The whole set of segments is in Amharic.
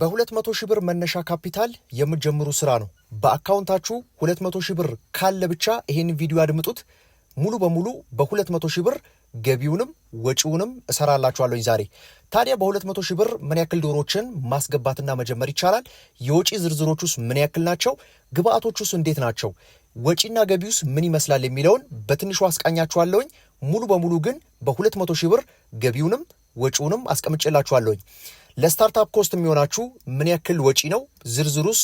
በ200 ሺህ ብር መነሻ ካፒታል የምትጀምሩ ስራ ነው። በአካውንታችሁ 200 ሺህ ብር ካለ ብቻ ይሄን ቪዲዮ አድምጡት። ሙሉ በሙሉ በ200 ሺህ ብር ገቢውንም ወጪውንም እሰራላችኋለሁኝ ዛሬ። ታዲያ በ200 ሺህ ብር ምን ያክል ዶሮዎችን ማስገባትና መጀመር ይቻላል? የወጪ ዝርዝሮቹስ ምን ያክል ናቸው? ግብአቶቹስ እንዴት ናቸው? ወጪና ገቢውስ ምን ይመስላል የሚለውን በትንሹ አስቃኛችኋለሁኝ። ሙሉ በሙሉ ግን በ200 ሺህ ብር ገቢውንም ወጪውንም አስቀምጬላችኋለሁኝ። ለስታርታፕ ኮስት የሚሆናችሁ ምን ያክል ወጪ ነው፣ ዝርዝሩስ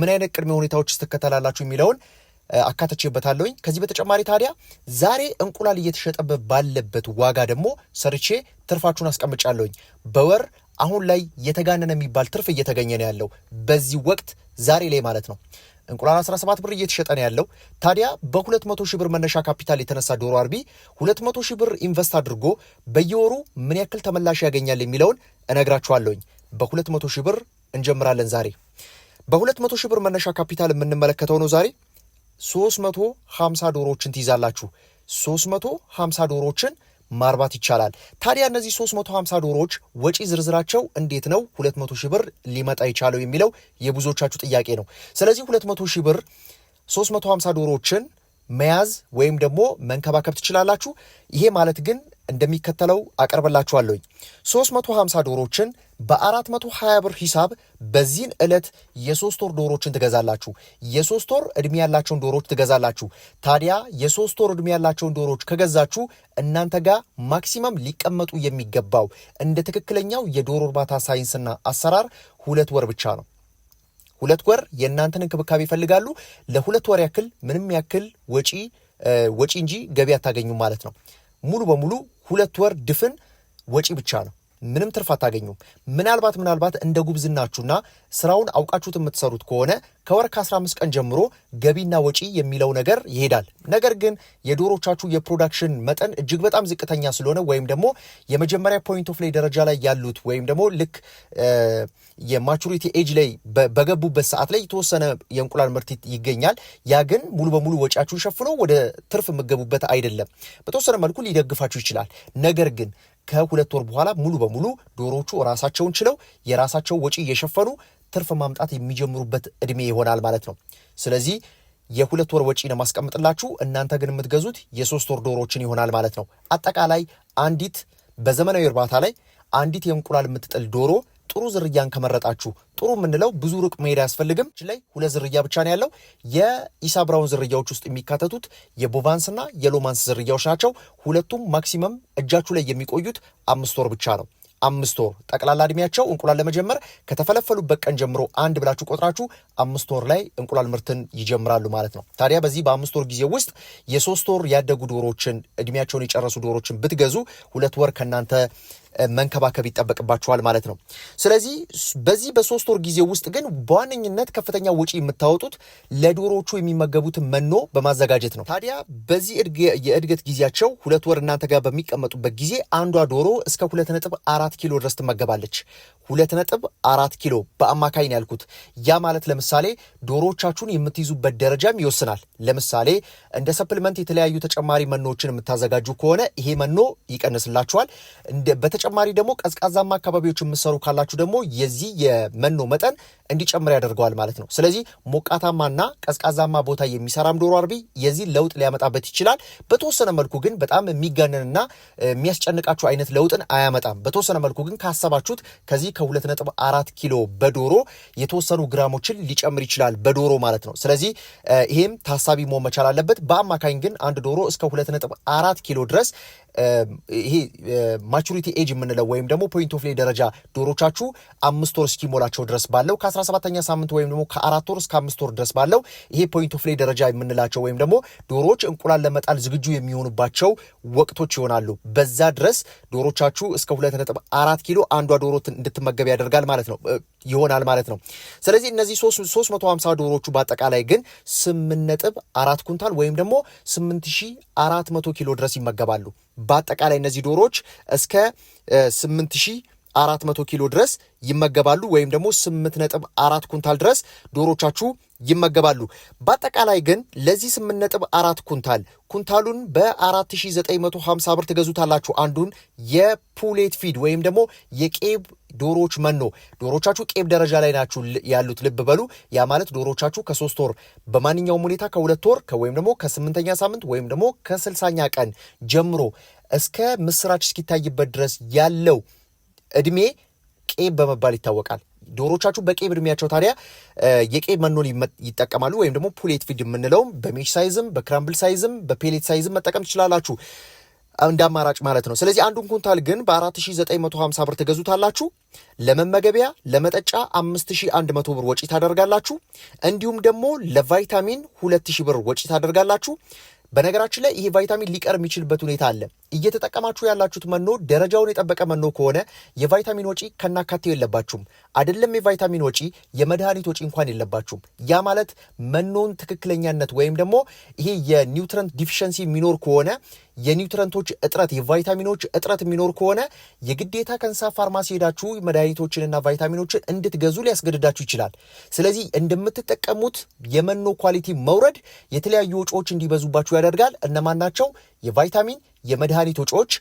ምን አይነት ቅድመ ሁኔታዎች ትከተላላችሁ የሚለውን አካተቼበታለሁኝ። ከዚህ በተጨማሪ ታዲያ ዛሬ እንቁላል እየተሸጠበት ባለበት ዋጋ ደግሞ ሰርቼ ትርፋችሁን አስቀምጫለሁኝ። በወር አሁን ላይ የተጋነነ የሚባል ትርፍ እየተገኘ ነው ያለው በዚህ ወቅት ዛሬ ላይ ማለት ነው። እንቁላል 17 ብር እየተሸጠ ነው ያለው። ታዲያ በ200 ሺህ ብር መነሻ ካፒታል የተነሳ ዶሮ አርቢ 200 ሺህ ብር ኢንቨስት አድርጎ በየወሩ ምን ያክል ተመላሽ ያገኛል የሚለውን እነግራችኋለሁኝ። በ200 ሺህ ብር እንጀምራለን ዛሬ። በ200 ሺህ ብር መነሻ ካፒታል የምንመለከተው ነው ዛሬ 350 ዶሮዎችን ትይዛላችሁ። 350 ዶሮዎችን ማርባት ይቻላል። ታዲያ እነዚህ 350 ዶሮዎች ወጪ ዝርዝራቸው እንዴት ነው 200 ሺህ ብር ሊመጣ የቻለው የሚለው የብዙዎቻችሁ ጥያቄ ነው። ስለዚህ 200 ሺህ ብር 350 ዶሮዎችን መያዝ ወይም ደግሞ መንከባከብ ትችላላችሁ። ይሄ ማለት ግን እንደሚከተለው አቀርብላችኋለሁኝ 350 ዶሮዎችን በ420 ብር ሂሳብ በዚህን ዕለት የሶስት ወር ዶሮችን ትገዛላችሁ። የሶስት ወር ዕድሜ ያላቸውን ዶሮች ትገዛላችሁ። ታዲያ የሶስት ወር ዕድሜ ያላቸውን ዶሮች ከገዛችሁ እናንተ ጋር ማክሲመም ሊቀመጡ የሚገባው እንደ ትክክለኛው የዶሮ እርባታ ሳይንስና አሰራር ሁለት ወር ብቻ ነው። ሁለት ወር የእናንተን እንክብካቤ ይፈልጋሉ። ለሁለት ወር ያክል ምንም ያክል ወጪ ወጪ እንጂ ገቢ አታገኙም ማለት ነው። ሙሉ በሙሉ ሁለት ወር ድፍን ወጪ ብቻ ነው። ምንም ትርፍ አታገኙም። ምናልባት ምናልባት እንደ ጉብዝናችሁና ስራውን አውቃችሁት የምትሰሩት ከሆነ ከወር ከ15 ቀን ጀምሮ ገቢና ወጪ የሚለው ነገር ይሄዳል። ነገር ግን የዶሮቻችሁ የፕሮዳክሽን መጠን እጅግ በጣም ዝቅተኛ ስለሆነ ወይም ደግሞ የመጀመሪያ ፖይንት ኦፍ ላይ ደረጃ ላይ ያሉት ወይም ደግሞ ልክ የማቹሪቲ ኤጅ ላይ በገቡበት ሰዓት ላይ የተወሰነ የእንቁላል ምርት ይገኛል። ያ ግን ሙሉ በሙሉ ወጪያችሁን ሸፍኖ ወደ ትርፍ የምገቡበት አይደለም። በተወሰነ መልኩ ሊደግፋችሁ ይችላል። ነገር ግን ከሁለት ወር በኋላ ሙሉ በሙሉ ዶሮዎቹ ራሳቸውን ችለው የራሳቸው ወጪ እየሸፈኑ ትርፍ ማምጣት የሚጀምሩበት እድሜ ይሆናል ማለት ነው። ስለዚህ የሁለት ወር ወጪ ነው ማስቀምጥላችሁ፣ እናንተ ግን የምትገዙት የሶስት ወር ዶሮዎችን ይሆናል ማለት ነው። አጠቃላይ አንዲት በዘመናዊ እርባታ ላይ አንዲት የእንቁላል የምትጥል ዶሮ ጥሩ ዝርያን ከመረጣችሁ ጥሩ የምንለው ብዙ ሩቅ መሄድ አያስፈልግም። ላይ ሁለት ዝርያ ብቻ ነው ያለው። የኢሳ ብራውን ዝርያዎች ውስጥ የሚካተቱት የቦቫንስ የሎማንስ ዝርያዎች ናቸው። ሁለቱም ማክሲመም እጃችሁ ላይ የሚቆዩት አምስት ወር ብቻ ነው። አምስት ወር ጠቅላላ እድሜያቸው እንቁላል ለመጀመር ከተፈለፈሉበት ቀን ጀምሮ አንድ ብላችሁ ቆጥራችሁ አምስት ወር ላይ እንቁላል ምርትን ይጀምራሉ ማለት ነው። ታዲያ በዚህ በአምስት ወር ጊዜ ውስጥ የሶስት ወር ያደጉ ዶሮችን እድሜያቸውን የጨረሱ ዶሮችን ብትገዙ ሁለት ወር ከእናንተ መንከባከብ ይጠበቅባቸዋል ማለት ነው። ስለዚህ በዚህ በሶስት ወር ጊዜ ውስጥ ግን በዋነኝነት ከፍተኛ ወጪ የምታወጡት ለዶሮዎቹ የሚመገቡትን መኖ በማዘጋጀት ነው። ታዲያ በዚህ የእድገት ጊዜያቸው ሁለት ወር እናንተ ጋር በሚቀመጡበት ጊዜ አንዷ ዶሮ እስከ ሁለት ነጥብ አራት ኪሎ ድረስ ትመገባለች። ሁለት ነጥብ አራት ኪሎ በአማካይ ነው ያልኩት። ያ ማለት ለምሳሌ ዶሮቻችሁን የምትይዙበት ደረጃም ይወስናል። ለምሳሌ እንደ ሰፕልመንት የተለያዩ ተጨማሪ መኖዎችን የምታዘጋጁ ከሆነ ይሄ መኖ ይቀንስላችኋል። በተጨማሪ ደግሞ ቀዝቃዛማ አካባቢዎች የምሰሩ ካላችሁ ደግሞ የዚህ የመኖ መጠን እንዲጨምር ያደርገዋል ማለት ነው። ስለዚህ ሞቃታማና ቀዝቃዛማ ቦታ የሚሰራም ዶሮ አርቢ የዚህ ለውጥ ሊያመጣበት ይችላል። በተወሰነ መልኩ ግን በጣም የሚጋነንና የሚያስጨንቃችሁ አይነት ለውጥን አያመጣም። በተወሰነ መልኩ ግን ካሰባችሁት ከዚህ ከሁለት ነጥብ አራት ኪሎ በዶሮ የተወሰኑ ግራሞችን ሊጨምር ይችላል በዶሮ ማለት ነው። ስለዚህ ይሄም ታሳቢ መሆን መቻል አለበት። በአማካኝ ግን አንድ ዶሮ እስከ ሁለት አራት ኪሎ ድረስ ይሄ ማቹሪቲ ኤጅ የምንለው ወይም ደግሞ ፖይንት ኦፍ ላይ ደረጃ ዶሮቻችሁ አምስት ወር እስኪሞላቸው ድረስ ባለው ከ17ኛ ሳምንት ወይም ደግሞ ከአራት ወር እስከ አምስት ወር ድረስ ባለው ይሄ ፖይንት ኦፍ ላይ ደረጃ የምንላቸው ወይም ደግሞ ዶሮዎች እንቁላል ለመጣል ዝግጁ የሚሆኑባቸው ወቅቶች ይሆናሉ። በዛ ድረስ ዶሮቻችሁ እስከ ሁለት ነጥብ አራት ኪሎ አንዷ ዶሮ እንድትመገብ ያደርጋል ማለት ነው ይሆናል ማለት ነው። ስለዚህ እነዚህ ሀምሳ ዶሮቹ በአጠቃላይ ግን 8 ነጥብ አራት ኩንታል ወይም ደግሞ መቶ ኪሎ ድረስ ይመገባሉ። በአጠቃላይ እነዚህ ዶሮዎች እስከ ስምንት ሺህ መቶ ኪሎ ድረስ ይመገባሉ ወይም ደግሞ ስምንት ነጥብ አራት ኩንታል ድረስ ዶሮቻችሁ ይመገባሉ። በአጠቃላይ ግን ለዚህ አራት ኩንታል ኩንታሉን በ4950 ብር ትገዙታላችሁ። አንዱን የፑሌት ፊድ ወይም ደግሞ የቄብ ዶሮዎች መኖ ዶሮቻችሁ ቄብ ደረጃ ላይ ናችሁ ያሉት ልብ በሉ። ያ ማለት ዶሮቻችሁ ከሶስት ወር በማንኛውም ሁኔታ ከሁለት ወር ወይም ደግሞ ከስምንተኛ ሳምንት ወይም ደግሞ ከስልሳኛ ቀን ጀምሮ እስከ ምስራች እስኪታይበት ድረስ ያለው እድሜ ቄብ በመባል ይታወቃል። ዶሮቻችሁ በቄብ እድሜያቸው ታዲያ የቄብ መኖን ይጠቀማሉ፣ ወይም ደግሞ ፑሌት ፊድ የምንለውም በሜሽ ሳይዝም በክራምብል ሳይዝም በፔሌት ሳይዝም መጠቀም ትችላላችሁ፣ እንደ አማራጭ ማለት ነው። ስለዚህ አንዱን ኩንታል ግን በ4950 ብር ትገዙታላችሁ። ለመመገቢያ ለመጠጫ 5100 ብር ወጪ ታደርጋላችሁ። እንዲሁም ደግሞ ለቫይታሚን 2000 ብር ወጪ ታደርጋላችሁ። በነገራችን ላይ ይህ ቫይታሚን ሊቀር የሚችልበት ሁኔታ አለ። እየተጠቀማችሁ ያላችሁት መኖ ደረጃውን የጠበቀ መኖ ከሆነ የቫይታሚን ወጪ ከናካቴው የለባችሁም። አይደለም የቫይታሚን ወጪ የመድኃኒት ወጪ እንኳን የለባችሁም። ያ ማለት መኖን ትክክለኛነት ወይም ደግሞ ይሄ የኒውትረንት ዲፊሸንሲ የሚኖር ከሆነ የኒውትረንቶች እጥረት፣ የቫይታሚኖች እጥረት የሚኖር ከሆነ የግዴታ ከንሳ ፋርማሲ ሄዳችሁ መድኃኒቶችንና ቫይታሚኖችን እንድትገዙ ሊያስገድዳችሁ ይችላል። ስለዚህ እንደምትጠቀሙት የመኖ ኳሊቲ መውረድ የተለያዩ ወጪዎች እንዲበዙባችሁ ያደርጋል። እነማን ናቸው? የቫይታሚን የመድኃኒት ወጪዎች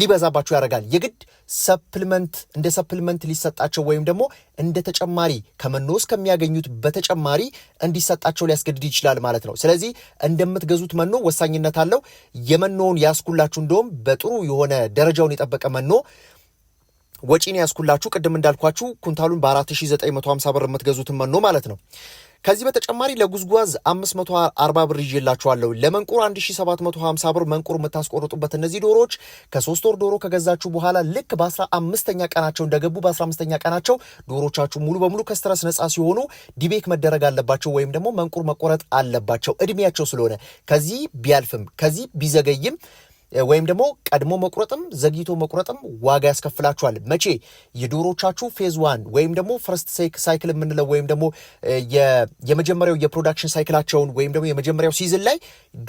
ሊበዛባቸው ያደርጋል። የግድ ሰፕልመንት እንደ ሰፕልመንት ሊሰጣቸው ወይም ደግሞ እንደ ተጨማሪ ከመኖ ከሚያገኙት በተጨማሪ እንዲሰጣቸው ሊያስገድድ ይችላል ማለት ነው። ስለዚህ እንደምትገዙት መኖ ወሳኝነት አለው። የመኖውን ያስኩላችሁ። እንደውም በጥሩ የሆነ ደረጃውን የጠበቀ መኖ ወጪን ያስኩላችሁ። ቅድም እንዳልኳችሁ ኩንታሉን በ4950 ብር የምትገዙትን መኖ ማለት ነው። ከዚህ በተጨማሪ ለጉዝጓዝ 540 ብር ይዤላችኋለሁ። ለመንቁር 1750 ብር መንቁር የምታስቆርጡበት እነዚህ ዶሮዎች ከሶስት ወር ዶሮ ከገዛችሁ በኋላ ልክ በ15ኛ ቀናቸው እንደገቡ በ15ኛ ቀናቸው ዶሮቻችሁ ሙሉ በሙሉ ከስትረስ ነፃ ሲሆኑ ዲቤክ መደረግ አለባቸው ወይም ደግሞ መንቁር መቆረጥ አለባቸው እድሜያቸው ስለሆነ ከዚህ ቢያልፍም ከዚህ ቢዘገይም ወይም ደግሞ ቀድሞ መቁረጥም ዘግይቶ መቁረጥም ዋጋ ያስከፍላችኋል። መቼ የዶሮቻችሁ ፌዝ ዋን ወይም ደግሞ ፈርስት ሳይክል የምንለው ወይም ደግሞ የመጀመሪያው የፕሮዳክሽን ሳይክላቸውን ወይም ደግሞ የመጀመሪያው ሲዝን ላይ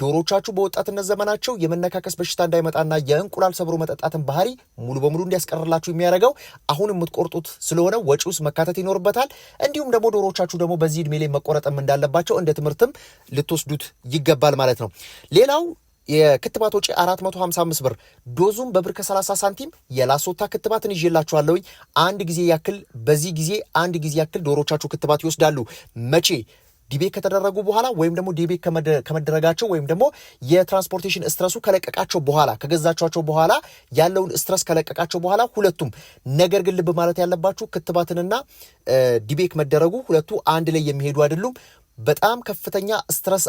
ዶሮቻችሁ በወጣትነት ዘመናቸው የመነካከስ በሽታ እንዳይመጣና የእንቁላል ሰብሮ መጠጣትን ባህሪ ሙሉ በሙሉ እንዲያስቀርላችሁ የሚያደርገው አሁን የምትቆርጡት ስለሆነ ወጪ ውስጥ መካተት ይኖርበታል። እንዲሁም ደግሞ ዶሮቻችሁ ደግሞ በዚህ እድሜ ላይ መቆረጥም እንዳለባቸው እንደ ትምህርትም ልትወስዱት ይገባል ማለት ነው። ሌላው የክትባት ወጪ 455 ብር፣ ዶዙም በብር ከ30 ሳንቲም የላሶታ ክትባትን ይዤላችኋለሁኝ። አንድ ጊዜ ያክል በዚህ ጊዜ አንድ ጊዜ ያክል ዶሮቻችሁ ክትባት ይወስዳሉ። መቼ ዲቤ ከተደረጉ በኋላ ወይም ደግሞ ዲቤ ከመደረጋቸው ወይም ደግሞ የትራንስፖርቴሽን ስትረሱ ከለቀቃቸው በኋላ ከገዛቸቸው በኋላ ያለውን ስትረስ ከለቀቃቸው በኋላ ሁለቱም። ነገር ግን ልብ ማለት ያለባችሁ ክትባትንና ዲቤክ መደረጉ ሁለቱ አንድ ላይ የሚሄዱ አይደሉም። በጣም ከፍተኛ ስትረስ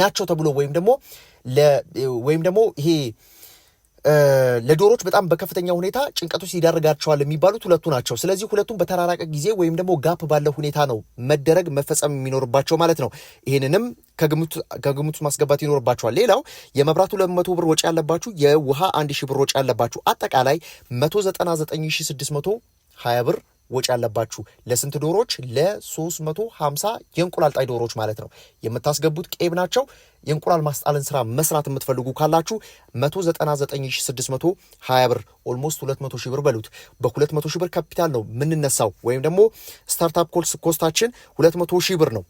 ናቸው ተብሎ ወይም ደግሞ ወይም ደግሞ ይሄ ለዶሮች በጣም በከፍተኛ ሁኔታ ጭንቀቶች ይዳርጋቸዋል የሚባሉት ሁለቱ ናቸው። ስለዚህ ሁለቱም በተራራቀ ጊዜ ወይም ደግሞ ጋፕ ባለ ሁኔታ ነው መደረግ መፈጸም የሚኖርባቸው ማለት ነው። ይህንንም ከግምቱ ማስገባት ይኖርባቸዋል። ሌላው የመብራት ሁለት መቶ ብር ወጪ ያለባችሁ፣ የውሃ አንድ ሺህ ብር ወጪ ያለባችሁ አጠቃላይ መቶ ዘጠና ዘጠኝ ሺህ ስድስት መቶ ሀያ ብር ወጪ ያለባችሁ ለስንት ዶሮዎች? ለ350 የእንቁላል ጣይ ዶሮዎች ማለት ነው የምታስገቡት ቄብ ናቸው። የእንቁላል ማስጣልን ስራ መስራት የምትፈልጉ ካላችሁ 199620 ብር ኦልሞስት 200 ሺህ ብር በሉት። በ200 ሺህ ብር ካፒታል ነው የምንነሳው፣ ወይም ደግሞ ስታርታፕ ኮልስ ኮስታችን 200 ሺህ ብር ነው።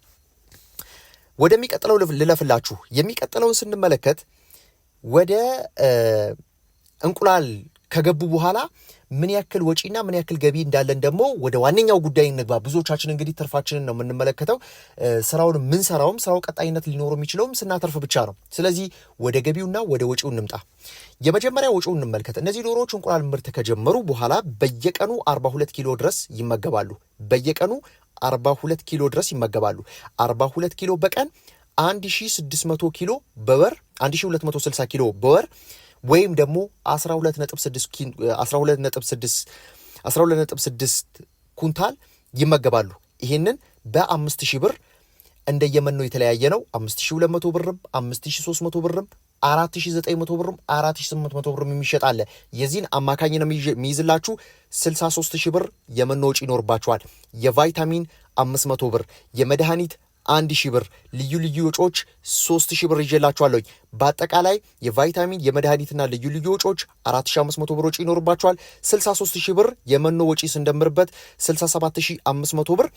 ወደሚቀጥለው ልለፍላችሁ። የሚቀጥለውን ስንመለከት ወደ እንቁላል ከገቡ በኋላ ምን ያክል ወጪና ምን ያክል ገቢ እንዳለን ደግሞ ወደ ዋነኛው ጉዳይ እንግባ። ብዙዎቻችን እንግዲህ ትርፋችንን ነው የምንመለከተው። ስራውን የምንሰራውም ስራው ቀጣይነት ሊኖረው የሚችለውም ስናተርፍ ብቻ ነው። ስለዚህ ወደ ገቢውና ወደ ወጪው እንምጣ። የመጀመሪያ ወጪው እንመልከት። እነዚህ ዶሮዎች እንቁላል ምርት ከጀመሩ በኋላ በየቀኑ 42 ኪሎ ድረስ ይመገባሉ። በየቀኑ 42 ኪሎ ድረስ ይመገባሉ። 42 ኪሎ በቀን 1600 ኪሎ በወር 1260 ኪሎ በወር ወይም ደግሞ 12.6 ኩንታል ይመገባሉ። ይህንን በ5000 ብር እንደየመኖ የተለያየ ነው። 5200 ብርም 5300 ብርም 4900 ብርም 4800 ብርም የሚሸጥ አለ። የዚህን አማካኝ ነው የሚይዝላችሁ 63000 ብር የመኖ ወጪ ይኖርባችኋል። የቫይታሚን 500 ብር፣ የመድኃኒት አንድ ሺህ ብር ልዩ ልዩ ወጪዎች ሶስት ሺህ ብር ይዤላችኋለሁ። በአጠቃላይ የቫይታሚን የመድኃኒትና ልዩ ልዩ ወጪዎች አራት አምስት መቶ ብር ወጪ ይኖርባችኋል። ስልሳ ሶስት ሺህ ብር የመኖ ወጪ ስንደምርበት ስልሳ ሰባት ሺህ አምስት መቶ ብር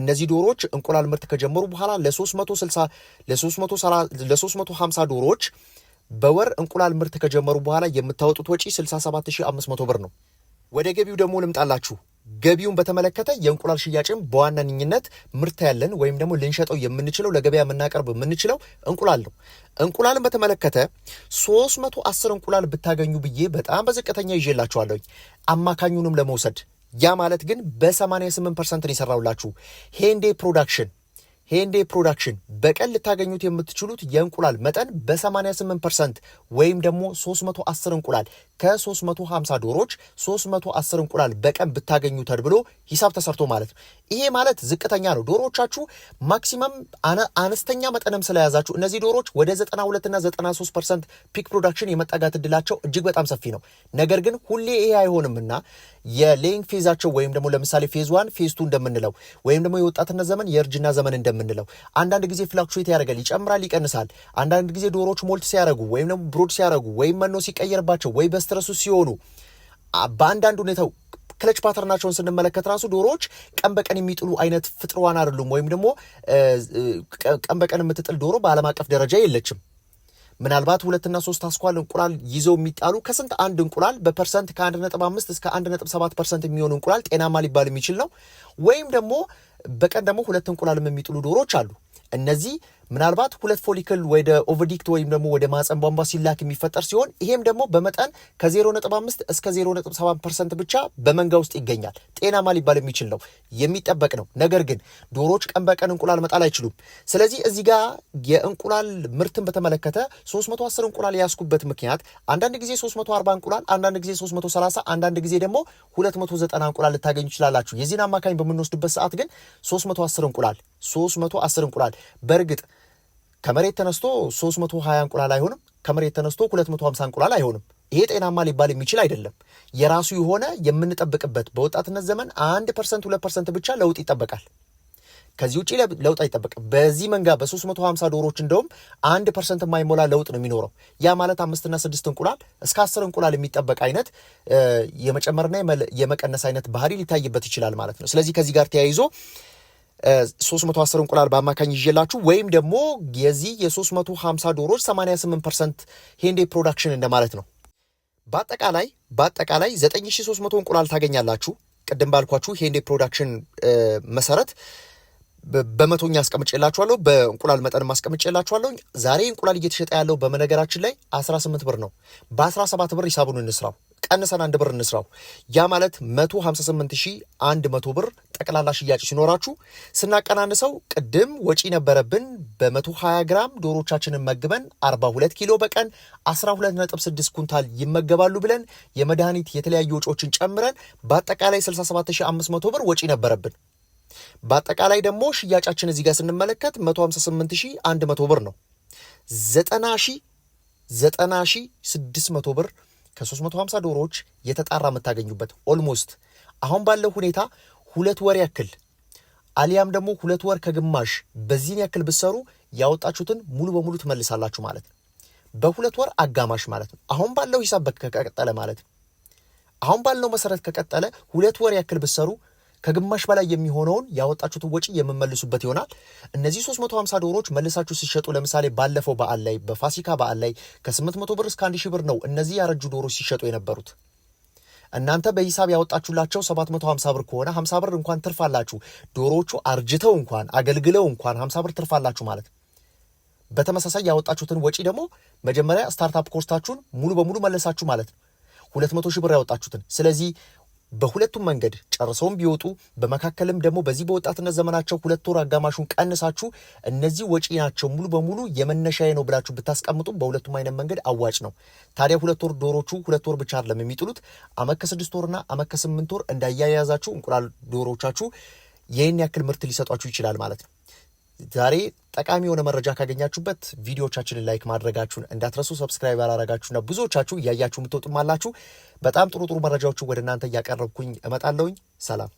እነዚህ ዶሮዎች እንቁላል ምርት ከጀመሩ በኋላ ለ350 ዶሮዎች በወር እንቁላል ምርት ከጀመሩ በኋላ የምታወጡት ወጪ 67500 ብር ነው። ወደ ገቢው ደግሞ ልምጣላችሁ። ገቢውን በተመለከተ የእንቁላል ሽያጭም በዋነኝነት ምርት ያለን ወይም ደግሞ ልንሸጠው የምንችለው ለገበያ የምናቀርብ የምንችለው እንቁላል ነው። እንቁላልን በተመለከተ 310 እንቁላል ብታገኙ ብዬ በጣም በዝቅተኛ ይዤላችኋለሁ አማካኙንም ለመውሰድ ያ ማለት ግን በ88 ፐርሰንትን የሰራውላችሁ ሄንዴ ፕሮዳክሽን ሄንዴ ፕሮዳክሽን በቀን ልታገኙት የምትችሉት የእንቁላል መጠን በ88 ፐርሰንት ወይም ደግሞ 310 እንቁላል ከ350 ዶሮች 310 እንቁላል በቀን ብታገኙ ተብሎ ሂሳብ ተሰርቶ ማለት ነው። ይሄ ማለት ዝቅተኛ ነው። ዶሮዎቻችሁ ማክሲመም አነስተኛ መጠንም ስለያዛችሁ እነዚህ ዶሮዎች ወደ 92 እና 93 ፐርሰንት ፒክ ፕሮዳክሽን የመጠጋት እድላቸው እጅግ በጣም ሰፊ ነው። ነገር ግን ሁሌ ይሄ አይሆንምና የሌይንግ ፌዛቸው ወይም ደግሞ ለምሳሌ ፌዝ ዋን ፌዝ ቱ እንደምንለው ወይም ደግሞ የወጣትነት ዘመን የእርጅና ዘመን እንደ የምንለው አንዳንድ ጊዜ ፍላክቹዌት ያደርጋል፣ ይጨምራል፣ ይቀንሳል። አንዳንድ ጊዜ ዶሮዎች ሞልት ሲያደርጉ ወይም ደግሞ ብሮድ ሲያደርጉ ወይም መኖ ሲቀየርባቸው ወይ በስትረሱ ሲሆኑ በአንዳንድ ሁኔታ ክለች ፓተርናቸውን ስንመለከት ራሱ ዶሮዎች ቀን በቀን የሚጥሉ አይነት ፍጥርዋን አይደሉም። ወይም ደግሞ ቀን በቀን የምትጥል ዶሮ በዓለም አቀፍ ደረጃ የለችም። ምናልባት ሁለትና ሶስት አስኳል እንቁላል ይዘው የሚጣሉ ከስንት አንድ እንቁላል በፐርሰንት ከ1.5 እስከ 1.7 ፐርሰንት የሚሆን እንቁላል ጤናማ ሊባል የሚችል ነው። ወይም ደግሞ በቀን ደግሞ ሁለት እንቁላል የሚጥሉ ዶሮዎች አሉ። እነዚህ ምናልባት ሁለት ፎሊክል ወደ ኦቨዲክት ወይም ደግሞ ወደ ማፀን ቧንቧ ሲላክ የሚፈጠር ሲሆን ይሄም ደግሞ በመጠን ከ0.5 እስከ 0.7 ፐርሰንት ብቻ በመንጋ ውስጥ ይገኛል። ጤናማ ሊባል የሚችል ነው የሚጠበቅ ነው። ነገር ግን ዶሮዎች ቀን በቀን እንቁላል መጣል አይችሉም። ስለዚህ እዚህ ጋር የእንቁላል ምርትን በተመለከተ 310 እንቁላል የያዝኩበት ምክንያት አንዳንድ ጊዜ 340 እንቁላል፣ አንዳንድ ጊዜ 330፣ አንዳንድ ጊዜ ደግሞ 290 እንቁላል ልታገኙ ይችላላችሁ። የዚህን አማካኝ በምንወስድበት ሰዓት ግን 310 እንቁላል 310 እንቁላል በእርግጥ ከመሬት ተነስቶ 320 እንቁላል አይሆንም፣ ከመሬት ተነስቶ 250 እንቁላል አይሆንም። ይሄ ጤናማ ሊባል የሚችል አይደለም። የራሱ የሆነ የምንጠብቅበት በወጣትነት ዘመን አንድ ፐርሰንት ሁለት ፐርሰንት ብቻ ለውጥ ይጠበቃል። ከዚህ ውጭ ለውጥ አይጠበቅም። በዚህ መንጋ በ350 ዶሮዎች እንደውም አንድ ፐርሰንት የማይሞላ ለውጥ ነው የሚኖረው። ያ ማለት አምስትና ስድስት እንቁላል እስከ አስር እንቁላል የሚጠበቅ አይነት የመጨመርና የመቀነስ አይነት ባህሪ ሊታይበት ይችላል ማለት ነው። ስለዚህ ከዚህ ጋር ተያይዞ 310 እንቁላል በአማካኝ ይዤላችሁ ወይም ደግሞ የዚህ የ350 ዶሮች 88 ፐርሰንት ሄንዴ ፕሮዳክሽን እንደማለት ነው። በአጠቃላይ በአጠቃላይ 9300 እንቁላል ታገኛላችሁ። ቅድም ባልኳችሁ ሄንዴ ፕሮዳክሽን መሰረት በመቶኛ አስቀምጬላችኋለሁ፣ በእንቁላል መጠን አስቀምጬላችኋለሁ። ዛሬ እንቁላል እየተሸጠ ያለው በመነገራችን ላይ 18 ብር ነው። በ17 ብር ሂሳቡን እንስራው። ቀንሰን አንድ ብር እንስራው። ያ ማለት 158100 ብር ጠቅላላ ሽያጭ ሲኖራችሁ ስናቀናንሰው ቅድም ወጪ ነበረብን በ120 ግራም ዶሮቻችንን መግበን 42 ኪሎ በቀን 126 ኩንታል ይመገባሉ ብለን የመድኃኒት የተለያዩ ወጪዎችን ጨምረን በአጠቃላይ 67500 ብር ወጪ ነበረብን። በአጠቃላይ ደግሞ ሽያጫችን እዚህ ጋር ስንመለከት 158100 ብር ነው። 90 ሺህ 90 ሺህ 600 ብር ከ350 ዶሮዎች የተጣራ የምታገኙበት ኦልሞስት አሁን ባለው ሁኔታ ሁለት ወር ያክል አሊያም ደግሞ ሁለት ወር ከግማሽ በዚህን ያክል ብሰሩ ያወጣችሁትን ሙሉ በሙሉ ትመልሳላችሁ ማለት ነው። በሁለት ወር አጋማሽ ማለት ነው። አሁን ባለው ሂሳብ ከቀጠለ ማለት ነው። አሁን ባለው መሰረት ከቀጠለ ሁለት ወር ያክል ብሰሩ ከግማሽ በላይ የሚሆነውን ያወጣችሁትን ወጪ የምመልሱበት ይሆናል። እነዚህ 350 ዶሮዎች መልሳችሁ ሲሸጡ ለምሳሌ ባለፈው በዓል ላይ በፋሲካ በዓል ላይ ከ800 ብር እስከ 1000 ብር ነው እነዚህ ያረጁ ዶሮዎች ሲሸጡ የነበሩት። እናንተ በሂሳብ ያወጣችሁላቸው 750 ብር ከሆነ 50 ብር እንኳን ትርፋላችሁ። ዶሮዎቹ አርጅተው እንኳን አገልግለው እንኳን 50 ብር ትርፋላችሁ ማለት በተመሳሳይ ያወጣችሁትን ወጪ ደግሞ መጀመሪያ ስታርታፕ ኮስታችሁን ሙሉ በሙሉ መለሳችሁ ማለት ነው። 200 ሺህ ብር ያወጣችሁትን። ስለዚህ በሁለቱም መንገድ ጨርሰውም ቢወጡ በመካከልም ደግሞ በዚህ በወጣትነት ዘመናቸው ሁለት ወር አጋማሹን ቀንሳችሁ እነዚህ ወጪ ናቸው ሙሉ በሙሉ የመነሻዬ ነው ብላችሁ ብታስቀምጡ በሁለቱም አይነት መንገድ አዋጭ ነው። ታዲያ ሁለት ወር ዶሮቹ ሁለት ወር ብቻ አይደለም የሚጥሉት አመት ከስድስት ወርና አመት ከስምንት ወር እንዳያያዛችሁ እንቁላል ዶሮቻችሁ ይህን ያክል ምርት ሊሰጧችሁ ይችላል ማለት ነው። ዛሬ ጠቃሚ የሆነ መረጃ ካገኛችሁበት ቪዲዮቻችንን ላይክ ማድረጋችሁን እንዳትረሱ። ሰብስክራይብ ያላረጋችሁና ብዙዎቻችሁ እያያችሁ የምትወጡም አላችሁ። በጣም ጥሩ ጥሩ መረጃዎችን ወደ እናንተ እያቀረብኩኝ እመጣለሁኝ። ሰላም